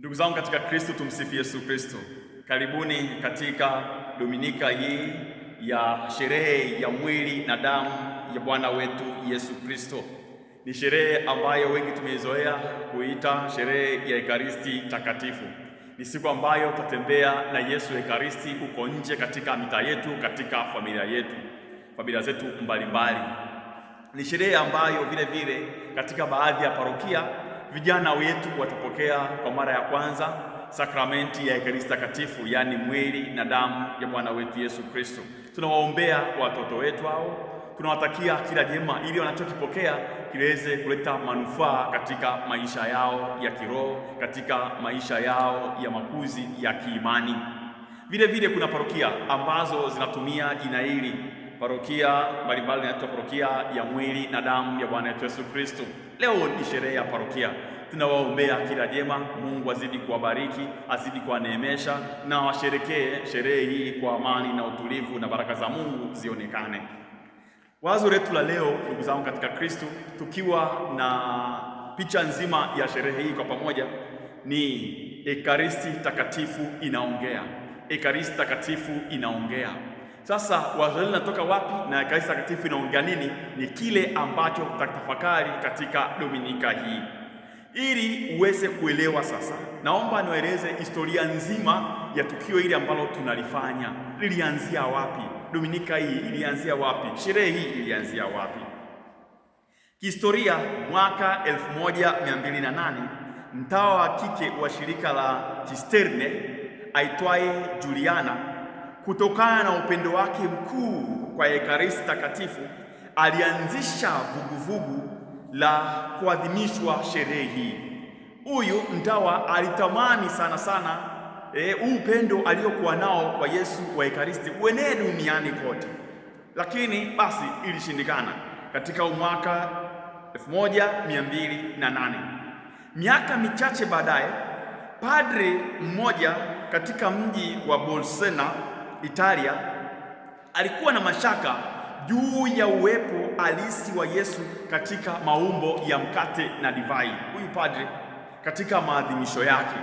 Ndugu zangu katika Kristo, tumsifu Yesu Kristo. Karibuni katika dominika hii ya sherehe ya mwili na damu ya Bwana wetu Yesu Kristo. Ni sherehe ambayo wengi tumeizoea kuita sherehe ya Ekaristi Takatifu. Ni siku ambayo tutatembea na Yesu Ekaristi huko nje, katika mitaa yetu, katika familia yetu, familia zetu mbalimbali. Ni sherehe ambayo vile vile katika baadhi ya parokia vijana wetu watapokea kwa mara ya kwanza sakramenti ya Ekaristi Takatifu, yaani mwili na damu ya Bwana wetu Yesu Kristo. Tunawaombea watoto wetu hao, tunawatakia kila jema, ili wanachokipokea kiweze kuleta manufaa katika maisha yao ya kiroho, katika maisha yao ya makuzi ya kiimani. Vile vile kuna parokia ambazo zinatumia jina hili Parokia mbalimbali inaitwa parokia ya mwili na damu ya Bwana wetu Yesu Kristo. Leo ni sherehe ya parokia, tunawaombea kila jema. Mungu azidi kuwabariki, azidi kuwaneemesha, na washerekee sherehe hii kwa amani na utulivu, na baraka za Mungu zionekane. Wazo letu la leo, ndugu zangu katika Kristo, tukiwa na picha nzima ya sherehe hii kwa pamoja, ni Ekaristi takatifu inaongea. Ekaristi takatifu inaongea sasa wazo natoka wapi na kanisa Takatifu inaongea nini? Ni kile ambacho tutatafakari katika dominika hii. Ili uweze kuelewa sasa, naomba niwaeleze historia nzima ya tukio hili ambalo tunalifanya. Lilianzia wapi? Dominika hii ilianzia wapi? Sherehe hii ilianzia wapi? Kihistoria, mwaka 1208 mtawa wa kike wa shirika la Cisterne aitwaye Juliana Kutokana na upendo wake mkuu kwa Ekaristi Takatifu, alianzisha vuguvugu la kuadhimishwa sherehe hii. Huyu mtawa alitamani sana sana e, upendo aliokuwa nao kwa Yesu wa Ekaristi uenee duniani kote, lakini basi ilishindikana. Katika mwaka 1208 miaka michache baadaye, padre mmoja katika mji wa Bolsena Italia alikuwa na mashaka juu ya uwepo halisi wa Yesu katika maumbo ya mkate na divai. Huyu padre katika maadhimisho yake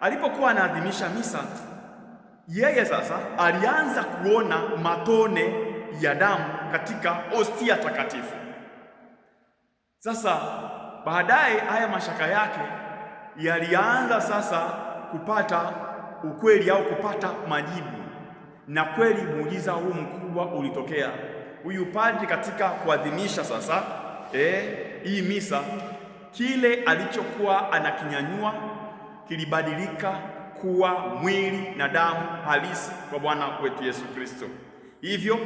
alipokuwa anaadhimisha misa, yeye sasa alianza kuona matone ya damu katika hostia takatifu. Sasa baadaye haya mashaka yake yalianza sasa kupata ukweli au kupata majibu na kweli muujiza huu mkubwa ulitokea. Huyu padri katika kuadhimisha sasa eh, hii misa, kile alichokuwa anakinyanyua kilibadilika kuwa mwili na damu halisi kwa Bwana wetu Yesu Kristo. Hivyo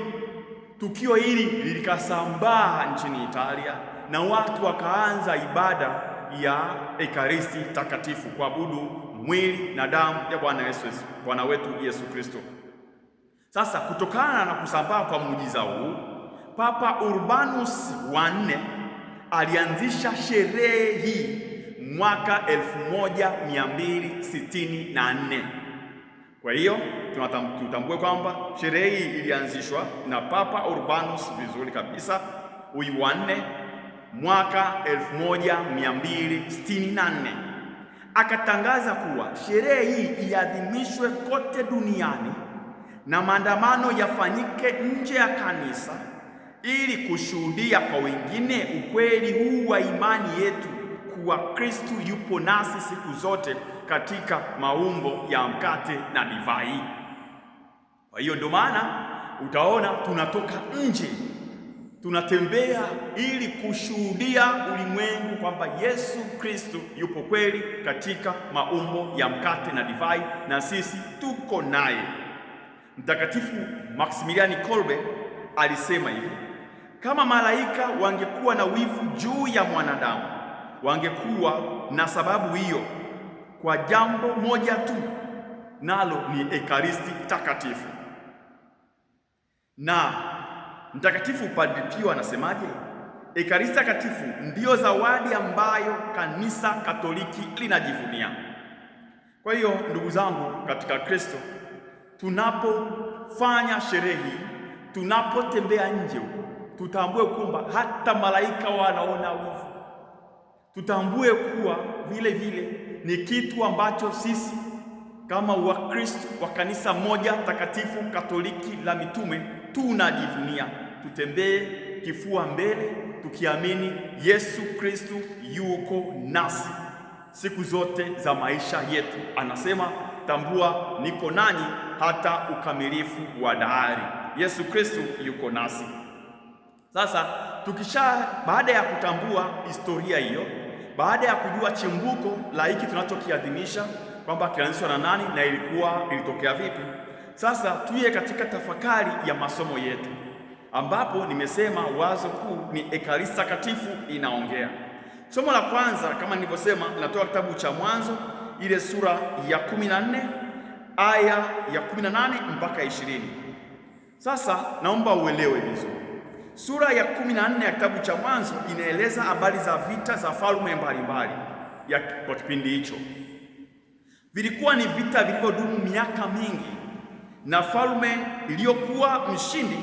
tukio hili lilikasambaa nchini Italia na watu wakaanza ibada ya Ekaristi takatifu, kuabudu mwili na damu ya Bwana Yesu, Bwana wetu Yesu Kristo. Sasa kutokana na kusambaa kwa muujiza huu, Papa Urbanus wa nne alianzisha sherehe hii mwaka 1264. Kwa hiyo tutambue kwamba sherehe hii ilianzishwa na Papa Urbanus, vizuri kabisa, huyu wa nne mwaka 1264 akatangaza kuwa sherehe hii iadhimishwe kote duniani na maandamano yafanyike nje ya kanisa ili kushuhudia kwa wengine ukweli huu wa imani yetu kuwa Kristu yupo nasi siku zote katika maumbo ya mkate na divai. Kwa hiyo ndio maana utaona tunatoka nje, tunatembea ili kushuhudia ulimwengu kwamba Yesu Kristu yupo kweli katika maumbo ya mkate na divai, na sisi tuko naye. Mtakatifu Maximiliani Kolbe alisema hivi: kama malaika wangekuwa na wivu juu ya mwanadamu, wangekuwa na sababu hiyo kwa jambo moja tu, nalo ni Ekaristi Takatifu. Na Mtakatifu Padre Pio anasemaje? Ekaristi Takatifu ndiyo zawadi ambayo Kanisa Katoliki linajivunia. Kwa hiyo ndugu zangu katika Kristo tunapofanya sherehe, tunapotembea nje, tutambue kwamba hata malaika wanaona wivu. Tutambue kuwa vile vile ni kitu ambacho sisi kama Wakristo wa kanisa moja takatifu Katoliki la mitume tunajivunia. Tutembee kifua mbele, tukiamini Yesu Kristo yuko nasi siku zote za maisha yetu, anasema tambua niko nanyi hata ukamilifu wa dahari. Yesu Kristo yuko nasi. Sasa tukisha, baada ya kutambua historia hiyo, baada ya kujua chimbuko la hiki tunachokiadhimisha kwamba kilianzishwa na nani na ilikuwa ilitokea vipi, sasa tuye katika tafakari ya masomo yetu, ambapo nimesema wazo kuu ni Ekaristi Takatifu inaongea. Somo la kwanza kama nilivyosema linatoka kitabu cha Mwanzo ile sura ya 14 aya ya 18 mpaka 20. Sasa naomba uelewe vizuri. Sura ya 14 ya kitabu cha Mwanzo inaeleza habari za vita za falme mbalimbali kwa kipindi hicho. Vilikuwa ni vita vilivyodumu miaka mingi, na falme iliyokuwa mshindi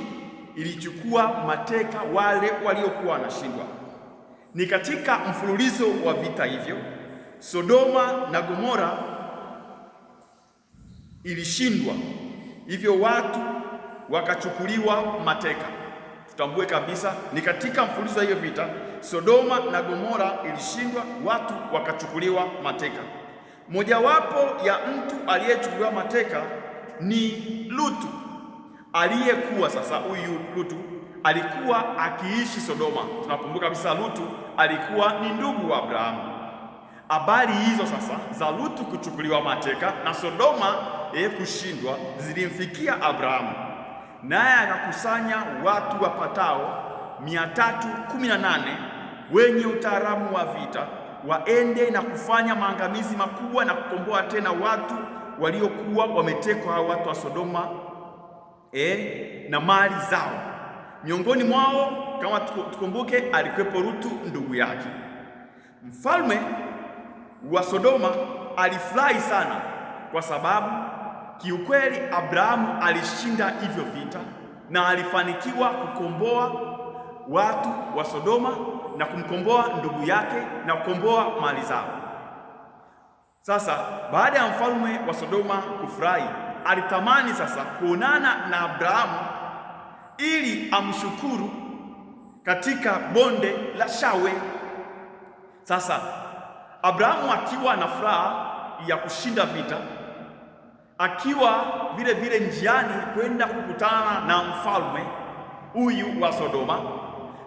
ilichukua mateka wale waliokuwa wanashindwa. Ni katika mfululizo wa vita hivyo Sodoma na Gomora ilishindwa, hivyo watu wakachukuliwa mateka. Tutambue kabisa ni katika mfululizo hiyo vita, Sodoma na Gomora ilishindwa, watu wakachukuliwa mateka. Mojawapo ya mtu aliyechukuliwa mateka ni Lutu, aliyekuwa sasa, huyu Lutu alikuwa akiishi Sodoma. Tunakumbuka kabisa Lutu alikuwa ni ndugu wa Abrahamu. Habari hizo sasa za Lutu kuchukuliwa mateka na Sodoma yeye kushindwa zilimfikia Abrahamu, naye akakusanya watu wapatao 318 wenye utaalamu wa vita waende na kufanya maangamizi makubwa na kukomboa tena watu waliokuwa wametekwa, hao watu wa Sodoma e, na mali zao. Miongoni mwao kama tukumbuke, alikuwepo Rutu ndugu yake. Mfalme wa Sodoma alifurahi sana kwa sababu kiukweli Abrahamu alishinda hivyo vita na alifanikiwa kukomboa watu wa Sodoma na kumkomboa ndugu yake na kukomboa mali zao. Sasa baada ya mfalme wa Sodoma kufurahi, alitamani sasa kuonana na Abrahamu ili amshukuru katika bonde la Shawe. Sasa Abrahamu akiwa na furaha ya kushinda vita, akiwa vile vile njiani kwenda kukutana na mfalme huyu wa Sodoma,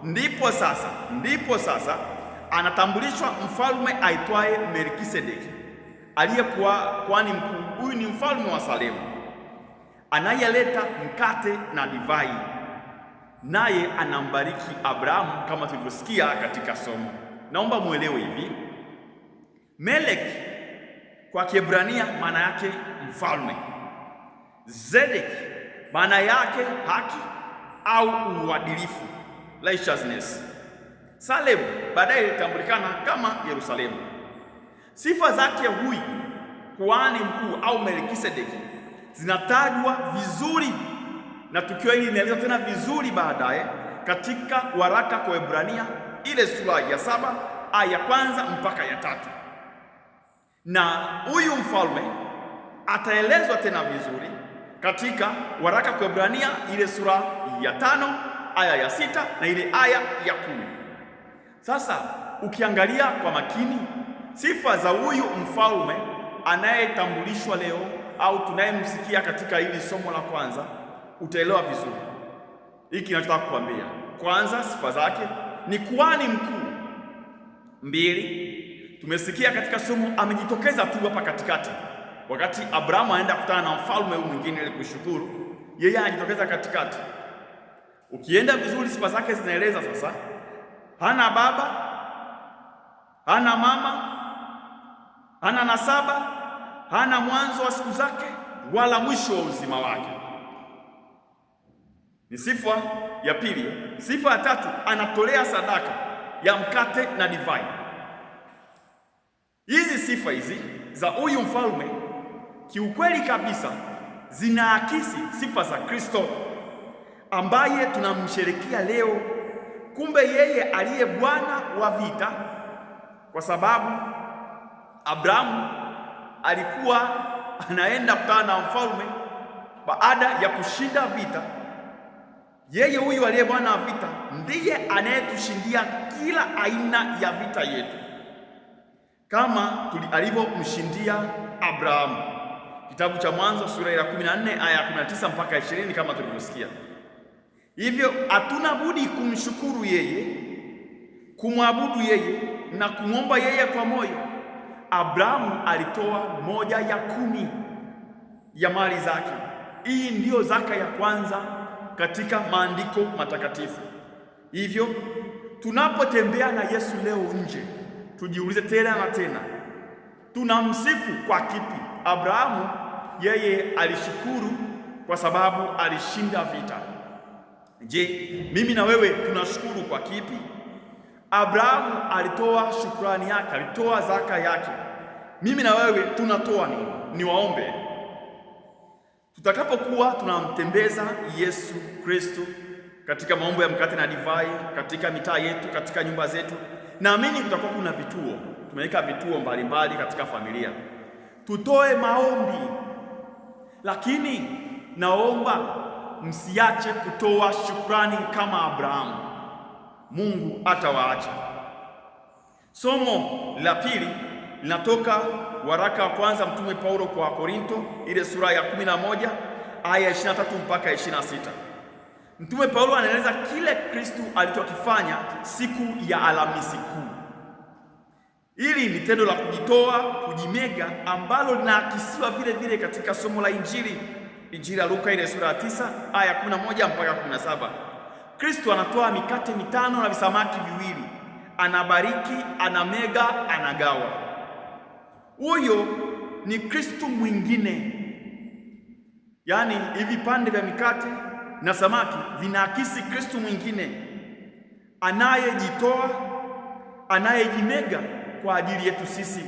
ndipo sasa ndipo sasa anatambulishwa mfalme aitwaye Melkisedeki aliyekuwa kwani mkuu. Huyu ni mfalme wa Salemu anayeleta mkate na divai, naye anambariki Abrahamu kama tulivyosikia katika somo. Naomba mwelewe hivi Melek kwa Kiebrania maana yake mfalme. Zedek maana yake haki au uadilifu, righteousness. Salem baadaye ilitambulikana kama Yerusalemu. Sifa zake huyu kuhani mkuu au Melkisedeki zinatajwa vizuri na tukio hili linaelezwa tena vizuri baadaye katika waraka kwa Waebrania ile sura ya saba aya ya kwanza mpaka ya tatu na huyu mfalme ataelezwa tena vizuri katika waraka kwa Ibrania ile sura ya tano aya ya sita na ile aya ya kumi. Sasa ukiangalia kwa makini sifa za huyu mfalme anayetambulishwa leo au tunayemsikia katika hili somo la kwanza, utaelewa vizuri hiki kinachotaka kukwambia. Kwanza, sifa zake ni kuhani mkuu. Mbili, tumesikia katika somo amejitokeza tu hapa katikati, wakati Abrahamu anaenda kutana na mfalme huyu mwingine ili kushukuru, yeye anajitokeza katikati. Ukienda vizuri, sifa zake zinaeleza sasa, hana baba, hana mama, hana nasaba, hana mwanzo wa siku zake wala mwisho wa uzima wake. Ni sifa ya pili. Sifa ya tatu, anatolea sadaka ya mkate na divai. Hizi sifa hizi za huyu mfalme kiukweli kabisa zinaakisi sifa za Kristo ambaye tunamsherekea leo. Kumbe yeye aliye bwana wa vita, kwa sababu Abrahamu alikuwa anaenda kutana na mfalme baada ya kushinda vita. Yeye huyu aliye bwana wa vita ndiye anayetushindia kila aina ya vita yetu kama alivyomshindia Abrahamu, kitabu cha Mwanzo sura ya 14 aya ya 19 mpaka 20, kama tulivyosikia. Hivyo hatuna budi kumshukuru yeye, kumwabudu yeye na kumwomba yeye kwa moyo. Abrahamu alitoa moja ya kumi ya mali zake. Hii ndiyo zaka ya kwanza katika maandiko matakatifu. Hivyo tunapotembea na Yesu leo nje tujiulize tena na tena, tunamsifu kwa kipi? Abrahamu yeye alishukuru kwa sababu alishinda vita. Je, mimi na wewe tunashukuru kwa kipi? Abrahamu alitoa shukrani yake, alitoa zaka yake. Mimi na wewe tunatoa nini? Niwaombe tutakapokuwa tunamtembeza Yesu Kristo katika maombo ya mkate na divai, katika mitaa yetu, katika nyumba zetu Naamini kutakuwa kuna vituo, tumeweka vituo mbalimbali katika familia, tutoe maombi, lakini naomba msiache kutoa shukrani kama Abrahamu. Mungu atawaacha. Somo la pili linatoka waraka wa kwanza Mtume Paulo kwa Korinto, ile sura ya 11 aya 23 mpaka 26. Mtume Paulo anaeleza kile Kristu alichokifanya siku ya Alhamisi Kuu. Hili ni tendo la kujitoa, kujimega ambalo linaakisiwa vile vile katika somo la Injili, Injili ya Luka ile sura ya 9 aya 11 mpaka 17. Kristu anatoa mikate mitano na visamaki viwili, anabariki, anamega, anagawa. Huyo ni Kristu mwingine, yaani hivi pande vya mikate na samaki vinaakisi Kristo mwingine anayejitoa, anayejimega kwa ajili yetu sisi,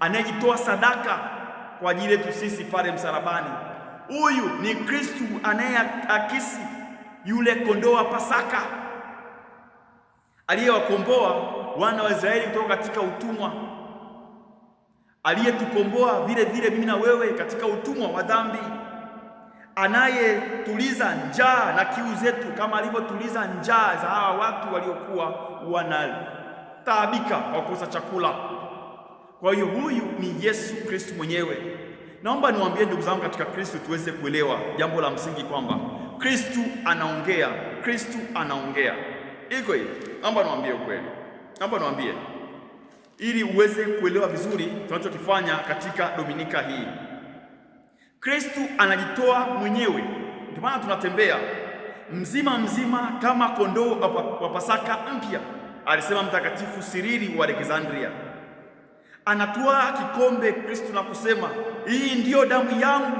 anayejitoa sadaka kwa ajili yetu sisi pale msalabani. Huyu ni Kristo anayeakisi yule kondoo wa Pasaka aliyewakomboa wana wa Israeli kutoka katika utumwa, aliyetukomboa vile vile mimi na wewe katika utumwa wa dhambi anayetuliza njaa na kiu zetu kama alivyotuliza njaa za hawa watu waliokuwa wanataabika kwa kukosa chakula. Kwa hiyo huyu ni Yesu Kristo mwenyewe. Naomba niwaambie ndugu zangu katika Kristo, tuweze kuelewa jambo la msingi kwamba Kristo anaongea, Kristo anaongea. Iko hivi, naomba niwaambie ukweli, naomba niwaambie ili uweze kuelewa vizuri tunachokifanya katika Dominika hii. Kristu anajitoa mwenyewe. Ndio maana tunatembea mzima mzima kama kondoo wa Pasaka mpya, alisema Mtakatifu Sirili wa Alexandria. Anatoa kikombe Kristu na kusema, hii ndiyo damu yangu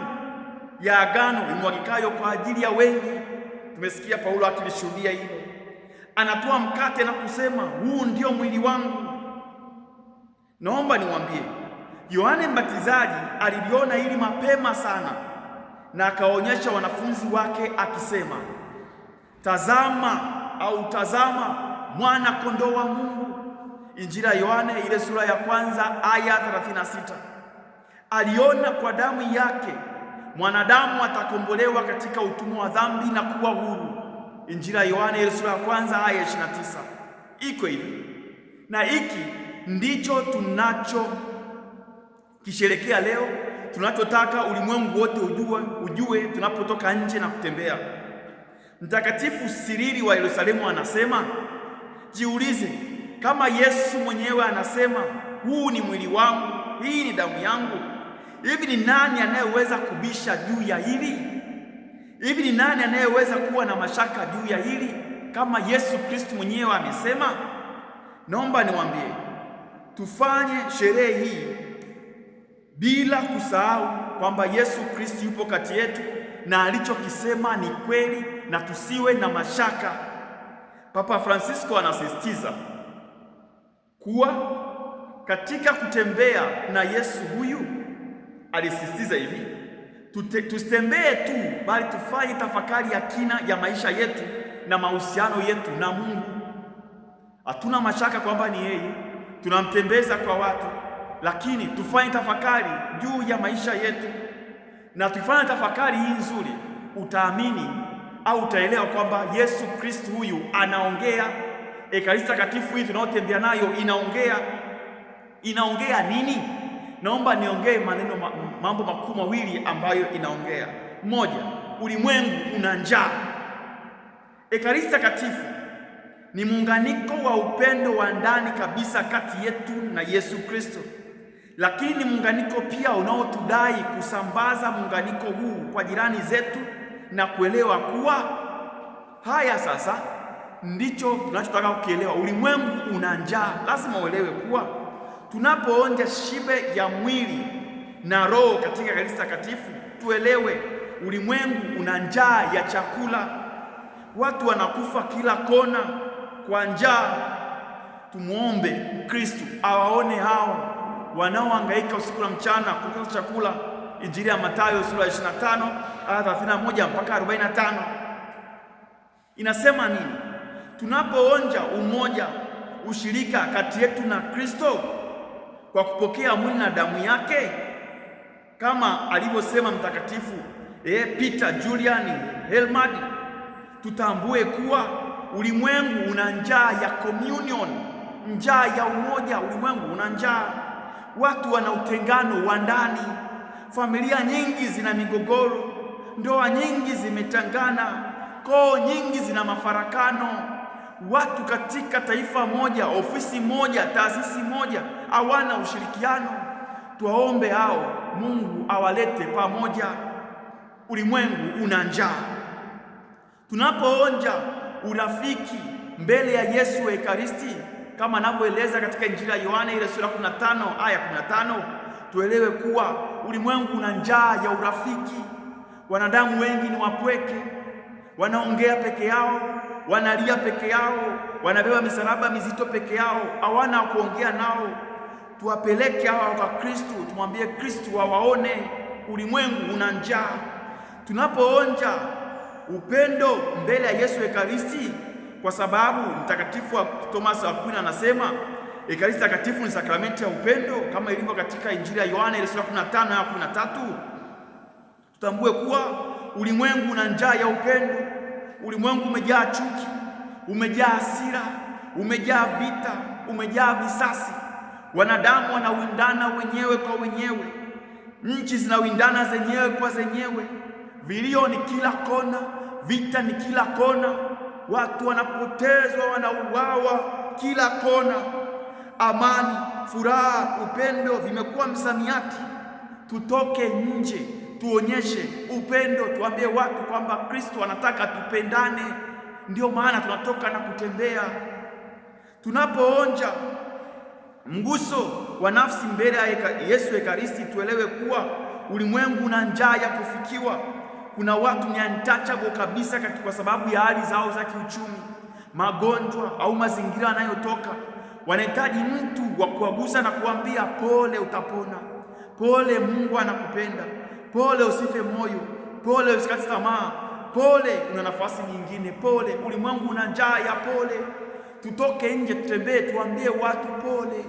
ya agano imwagikayo kwa ajili ya wengi. Tumesikia Paulo akilishuhudia hilo. Anatoa mkate na kusema, huu ndio mwili wangu. Naomba niwaambie Yohane Mbatizaji aliliona hili mapema sana na akaonyesha wanafunzi wake akisema, tazama au tazama mwana kondoo wa Mungu. Injili ya Yohane ile sura ya kwanza aya 36. Aliona kwa damu yake mwanadamu atakombolewa katika utumwa wa dhambi na kuwa huru. Injili ya Yohane ile sura ya kwanza aya 29. Iko hivi, na hiki ndicho tunacho kisherekea leo. Tunachotaka ulimwengu wote ujue, ujue tunapotoka nje na kutembea. Mtakatifu Siriri wa Yerusalemu anasema, jiulize kama Yesu mwenyewe anasema, huu ni mwili wangu, hii ni damu yangu. Hivi ni nani anayeweza kubisha juu ya hili? Hivi ni nani anayeweza kuwa na mashaka juu ya hili kama Yesu Kristo mwenyewe amesema? Naomba niwaambie, tufanye sherehe hii bila kusahau kwamba Yesu Kristo yupo kati yetu na alichokisema ni kweli na tusiwe na mashaka. Papa Francisco anasisitiza kuwa katika kutembea na Yesu huyu alisisitiza hivi, tusitembee tu bali tufanye tafakari ya kina ya maisha yetu na mahusiano yetu na Mungu. Hatuna mashaka kwamba ni yeye, tunamtembeza kwa watu lakini tufanye tafakari juu ya maisha yetu, na tukifanya tafakari hii nzuri, utaamini au utaelewa kwamba Yesu Kristo huyu anaongea. Ekaristi takatifu hii tunayotembea nayo inaongea, inaongea nini? Naomba niongee maneno ma, mambo makuu mawili ambayo inaongea. Moja, ulimwengu una njaa. Ekaristi takatifu ni muunganiko wa upendo wa ndani kabisa kati yetu na Yesu Kristo lakini muunganiko pia unaotudai kusambaza muunganiko huu kwa jirani zetu na kuelewa kuwa haya sasa ndicho tunachotaka kukielewa. Ulimwengu una njaa, lazima uelewe kuwa tunapoonja shibe ya mwili na roho katika kanisa takatifu, tuelewe ulimwengu una njaa ya chakula. Watu wanakufa kila kona kwa njaa. Tumwombe Kristu awaone hao wanaohangaika usiku na mchana kukosa chakula, Injili ya Mathayo sura ya 25 aya 31 mpaka 45. Inasema nini? Tunapoonja umoja, ushirika kati yetu na Kristo kwa kupokea mwili na damu yake kama alivyosema Mtakatifu eh, Peter Julian helmad tutambue kuwa ulimwengu una njaa ya communion, njaa ya umoja. Ulimwengu una njaa watu wana utengano wa ndani, familia nyingi zina migogoro, ndoa nyingi zimetangana, koo nyingi zina mafarakano. Watu katika taifa moja, ofisi moja, taasisi moja hawana ushirikiano. Tuwaombe hao, Mungu awalete pamoja. Ulimwengu una njaa. Tunapoonja urafiki mbele ya Yesu wa Ekaristi kama anavyoeleza katika Injili ya Yohana ile sura 15 aya 15, tuelewe kuwa ulimwengu una njaa ya urafiki. Wanadamu wengi ni wapweke, wanaongea peke yao, wanalia peke yao, wanabeba misalaba mizito peke yao, hawana kuongea nao. Tuwapeleke hawa kwa Kristo, tumwambie Kristo wawaone. Ulimwengu una njaa. Tunapoonja upendo mbele ya Yesu Ekaristi kwa sababu Mtakatifu wa Thomas Aquino anasema Ekaristi takatifu ni sakramenti ya upendo kama ilivyo katika Injili ya Yohana ile sura 15 ya 13. Tutambue kuwa ulimwengu una njaa ya upendo. Ulimwengu umejaa chuki, umejaa hasira, umejaa vita, umejaa visasi. Wanadamu wanawindana wenyewe kwa wenyewe, nchi zinawindana zenyewe kwa zenyewe. Vilio ni kila kona, vita ni kila kona watu wanapotezwa, wanauawa kila kona. Amani, furaha, upendo vimekuwa msamiati. Tutoke nje, tuonyeshe upendo, tuambie watu kwamba Kristo anataka tupendane. ndio maana tunatoka na kutembea. Tunapoonja mguso wa nafsi mbele ya Yesu Ekaristi, tuelewe kuwa ulimwengu una njaa ya kufikiwa. Kuna watu ni untouchable kabisa kwa sababu ya hali zao za kiuchumi, magonjwa au mazingira anayotoka. Wanahitaji mtu wa kuwagusa na kuambia pole, utapona, pole, Mungu anakupenda, pole, usife moyo, pole, usikate tamaa, pole, una nafasi nyingine, pole, ulimwengu una njaa ya pole. Tutoke nje, tutembee, tuambie watu pole,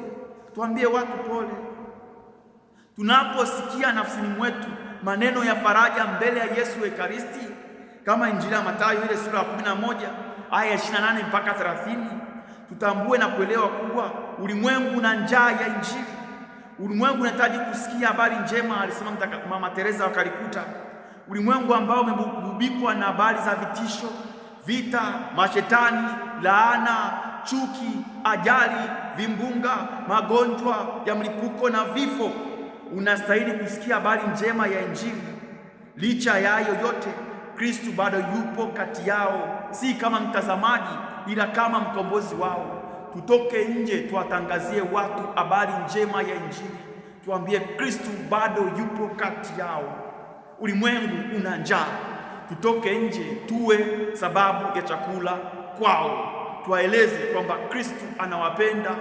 tuambie watu pole. Tunaposikia nafsini mwetu maneno ya faraja mbele ya Yesu Ekaristi, kama Injili ya Mathayo ile sura ya 11 aya ya 28 mpaka 30. Tutambue na kuelewa kuwa ulimwengu una njaa ya Injili, ulimwengu unahitaji kusikia habari njema, alisema Mama Teresa wa Kalikuta, ulimwengu ambao umegubikwa na habari za vitisho, vita, mashetani, laana, chuki, ajali, vimbunga, magonjwa ya mlipuko na vifo unastahili kusikia habari njema ya Injili. Licha ya hayo yote, Kristu bado yupo kati yao, si kama mtazamaji, ila kama mkombozi wao. Tutoke nje, tuwatangazie watu habari njema ya Injili, tuambie Kristu bado yupo kati yao. Ulimwengu una njaa, tutoke nje, tuwe sababu ya chakula kwao, tuwaeleze kwamba Kristu anawapenda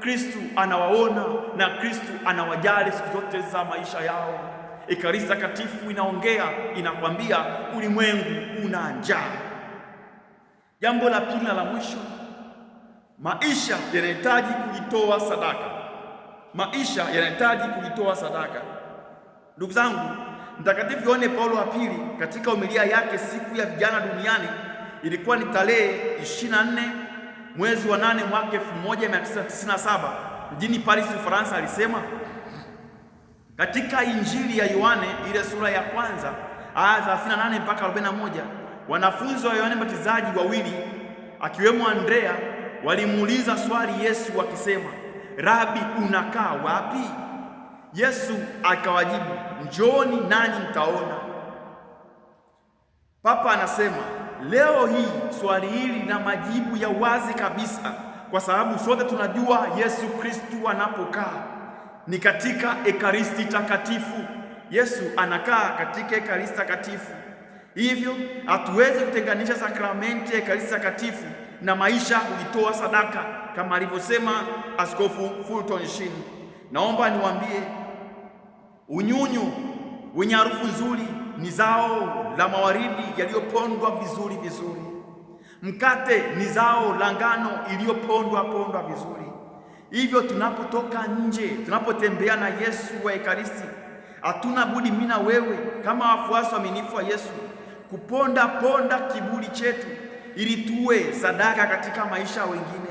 Kristu anawaona na Kristu anawajali siku zote za maisha yao. Ekaristi Takatifu inaongea, inakwambia ulimwengu una njaa. Jambo la pili na la mwisho, maisha yanahitaji kujitoa sadaka. Maisha yanahitaji kujitoa sadaka. Ndugu zangu, Mtakatifu Yohane Paulo wa Pili katika homilia yake siku ya vijana duniani ilikuwa ni tarehe 24 mwezi wa nane mwaka 1997 mjini Paris, Ufaransa, alisema katika Injili ya Yohane ile sura ya kwanza aya 38 mpaka 41, wanafunzi wa Yohane Mbatizaji wawili akiwemo Andrea walimuuliza swali Yesu wakisema, Rabi, unakaa wapi? Yesu akawajibu, njooni nani mtaona. Papa anasema Leo hii swali hili lina majibu ya wazi kabisa, kwa sababu sote tunajua Yesu Kristu anapokaa ni katika ekaristi takatifu. Yesu anakaa katika ekaristi takatifu, hivyo hatuwezi kutenganisha sakramenti ya ekaristi takatifu na maisha kujitoa sadaka, kama alivyosema Askofu Fulton Sheen. Naomba niwaambie, unyunyu wenye harufu nzuri ni zao la mawaridi yaliyopondwa vizuri vizuri. Mkate ni zao la ngano iliyopondwa pondwa vizuri. Hivyo tunapotoka nje, tunapotembea na Yesu wa Ekaristi, hatuna budi mimi na wewe kama wafuasi waaminifu wa Yesu kuponda ponda kiburi chetu ili tuwe sadaka katika maisha wengine.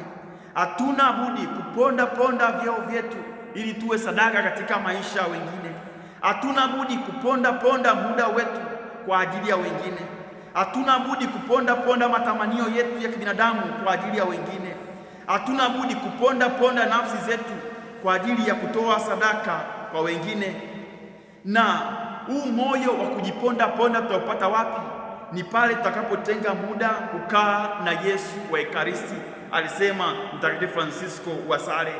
Hatuna budi kuponda ponda vyeo vyetu ili tuwe sadaka katika maisha wengine. Hatuna budi kuponda ponda muda wetu kwa ajili ya wengine. Hatuna budi kuponda ponda matamanio yetu ya kibinadamu kwa ajili ya wengine. Hatuna budi kuponda ponda nafsi zetu kwa ajili ya kutoa sadaka kwa wengine. Na huu moyo wa kujiponda ponda tutaupata wapi? Ni pale tutakapotenga muda kukaa na Yesu wa Ekaristi, alisema Mtakatifu Fransisko wa Sale.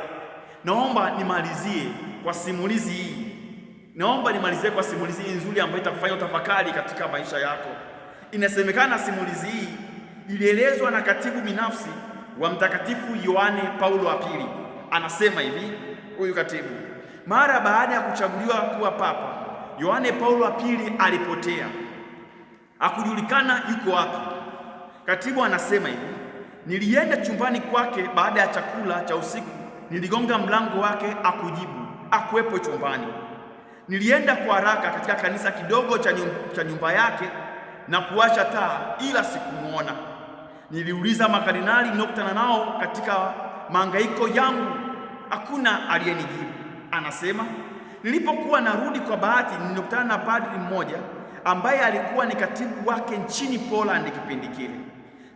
Naomba nimalizie kwa simulizi hii Naomba nimalizie kwa simulizi hii nzuri ambayo itakufanya utafakari katika maisha yako. Inasemekana simulizi hii ilielezwa na katibu binafsi wa Mtakatifu Yohane Paulo wa Pili. Anasema hivi huyu katibu, mara baada ya kuchaguliwa kuwa papa, Yohane Paulo wa Pili alipotea, hakujulikana yuko wapi. Katibu anasema hivi, nilienda chumbani kwake baada ya chakula cha usiku, niligonga mlango wake, akujibu, akuwepo chumbani Nilienda kwa haraka katika kanisa kidogo cha nyumba yake na kuwasha taa, ila sikumwona. Niliuliza makardinali nilokutana nao katika mahangaiko yangu, hakuna aliyenijibu. Anasema nilipokuwa narudi, kwa bahati nilikutana na padri mmoja ambaye alikuwa ni katibu wake nchini Poland kipindi kile.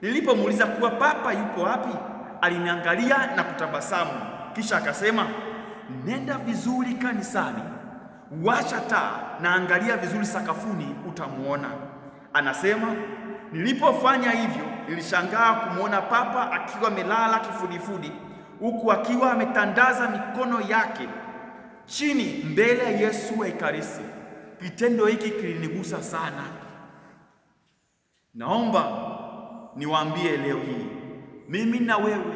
Nilipomuuliza kuwa papa yupo wapi, aliniangalia na kutabasamu, kisha akasema, nenda vizuri kanisani washa taa na angalia vizuri sakafuni, utamwona. Anasema nilipofanya hivyo nilishangaa kumwona papa akiwa amelala kifudifudi, huku akiwa ametandaza mikono yake chini mbele ya Yesu wa Ekaristi. Kitendo hiki kilinigusa sana. Naomba niwaambie leo hii, mimi na wewe,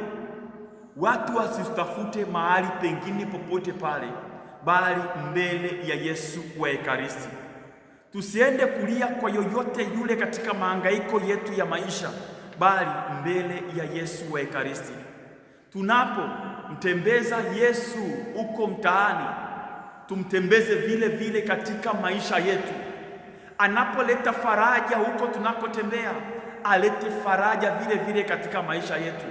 watu wasitafute mahali pengine popote pale bali mbele ya Yesu wa Ekaristi. Tusiende kulia kwa yoyote yule katika mahangaiko yetu ya maisha, bali mbele ya Yesu wa Ekaristi. Tunapomtembeza Yesu huko mtaani, tumtembeze vile vile katika maisha yetu. Anapoleta faraja huko tunakotembea, alete faraja vile vile katika maisha yetu.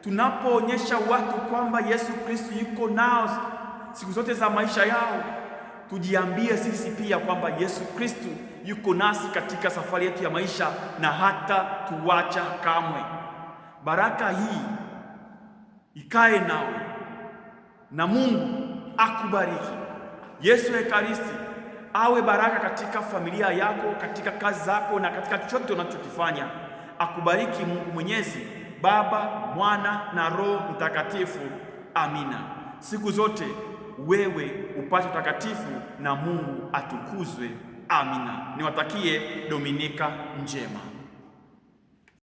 Tunapoonyesha watu kwamba Yesu Kristo yuko nao siku zote za maisha yao, tujiambie sisi pia kwamba Yesu Kristu yuko nasi katika safari yetu ya maisha na hata tuwacha kamwe. Baraka hii ikae nawe na Mungu akubariki. Yesu Ekaristi awe baraka katika familia yako, katika kazi zako na katika chochote unachokifanya. Akubariki Mungu Mwenyezi, Baba, Mwana na Roho Mtakatifu. Amina. Siku zote wewe upate utakatifu na Mungu atukuzwe. Amina. Niwatakie Dominika njema.